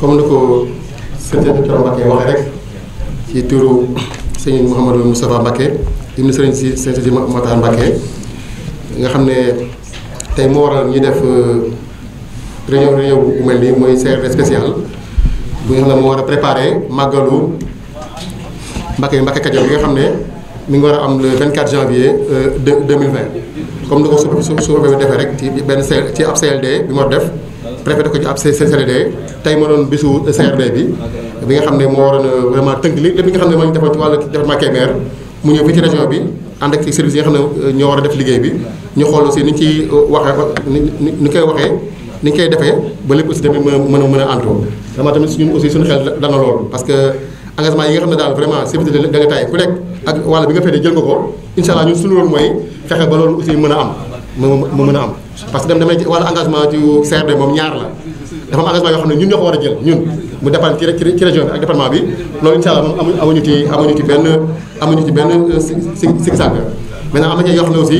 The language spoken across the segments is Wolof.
comme ni ko sëriñ Thioro Mbacké waxee rek ci turu sëriñ Mouhamadou Moustapha Mbacké ibnu sëriñ si sëriñ si Matar Mbacké nga xam ne tey moo waral ñu def euh, réunion réunion bu mel nii mooy CRD spécial bu nga xam ne moo préparer màggalu Mbacké Mbacké Kadior nga xam mi ngi war am le 24 janvier 2020 euh, comme ni ko su su su defee rek ci benn ci ab CLD bi mu def. préfet da ko ci ab CRD tey ma doon bisu CRD bi bi nga xam ne moo waroon vraiment tënk li xam ne moo ñu defal ci wàllu département Kébémer mu ñëw fii ci région bi nga xam ne euh, ñoo war a def liggéey bi ñu xool aussi ni ñu ciy euh, waxee ni koy waxee ni ñu koy defee ba lépp aussi tamit mën a mën a mën a àndoo vraiment tamit ñun aussi suñu xel dana loolu parce que engagement yi nga xam ne daal vraiment service de l'État ku nekk ak wàll bi nga fee jël nga ko incha ñun suñu loolu mooy fexe ba loolu aussi mën a am ma ma mën a am parce que dem damay wàllu engagement ci CRD moom ñaar la dafa am engagement yoo xam ne ñun ñoo ko war a jël ñun mu dépendre ci ci région bi ak département bi loolu incha allah moom amuñu ci amuñu ci benn amuñu ci benn si si si sànq maintenant am na yoo xam ne aussi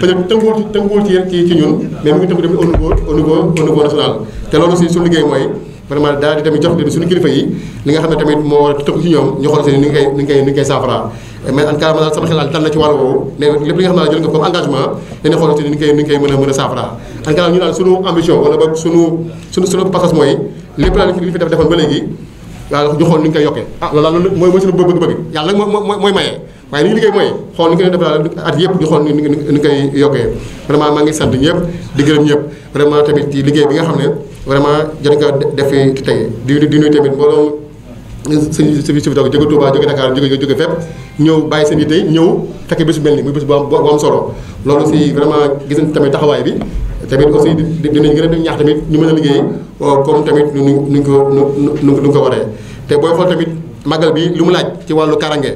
peut-être tënkuwul ci tënkuwul ci ñun mais mu ngi tënku tamit au niveau au niveau au niveau national te loolu aussi su liggéey mooy. vraiment daal kilifa yi li nga xam ne tamit moo tënk ci ñoom ñu xool seen ni ngi koy ni ngi koy ni sama xel dal na ci wàll woowu ne lépp li nga xam ne jël nga comme engagement dañuy xool seen ni ngi koy mën a mën a saafara en tout ñu daal suñu ambition wala ba suñu suñu suñu mooy lépp daal li fi def defoon ba léegi waaw ñu ni ñu koy yokkee ah loolu daal mooy mooy suñu bëgg-bëgg yàlla nag moo mooy mayee waaye li liggéey mooy xool bi nga xam ne vraiment jot nga def fi tey di tamit nuyu su mbooloo sëñ si fi toog jóge Touba jóge Dakar jóge jóge fépp ñëw bàyyi seen yitte ñëw fekk bés bu mel ni muy bés bu am bu am solo loolu aussi vraiment gis nañ tamit taxawaay bi tamit aussi dinañ gën a ñaax tamit ñu mën a liggéey oh, comme tamit nu nuñ ko nu nu ko waree te booy xool tamit màggal bi lu mu laaj ci wàllu karange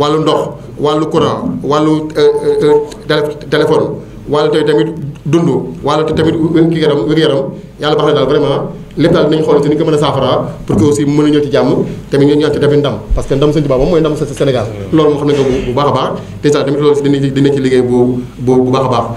wàllu ndox wàllu courant wàllu euh, euh, euh, téléphone wala tey tamit dund wala te tamit wér yaram wér yaram yàlla baax na daal vraiment lépp daal dinañ xool te ni ko mën a saafara pour que aussi mën a ñëw ci jàmm tamit ñu am ci tamit ndam parce que ndam sëñ Tuubaa moom mooy ndam sa Sénégal mm. loolu moo xam ne bu baax a baax dèjà tamit loolu dinañ ci dinañ ci liggéey bu bu baax a baax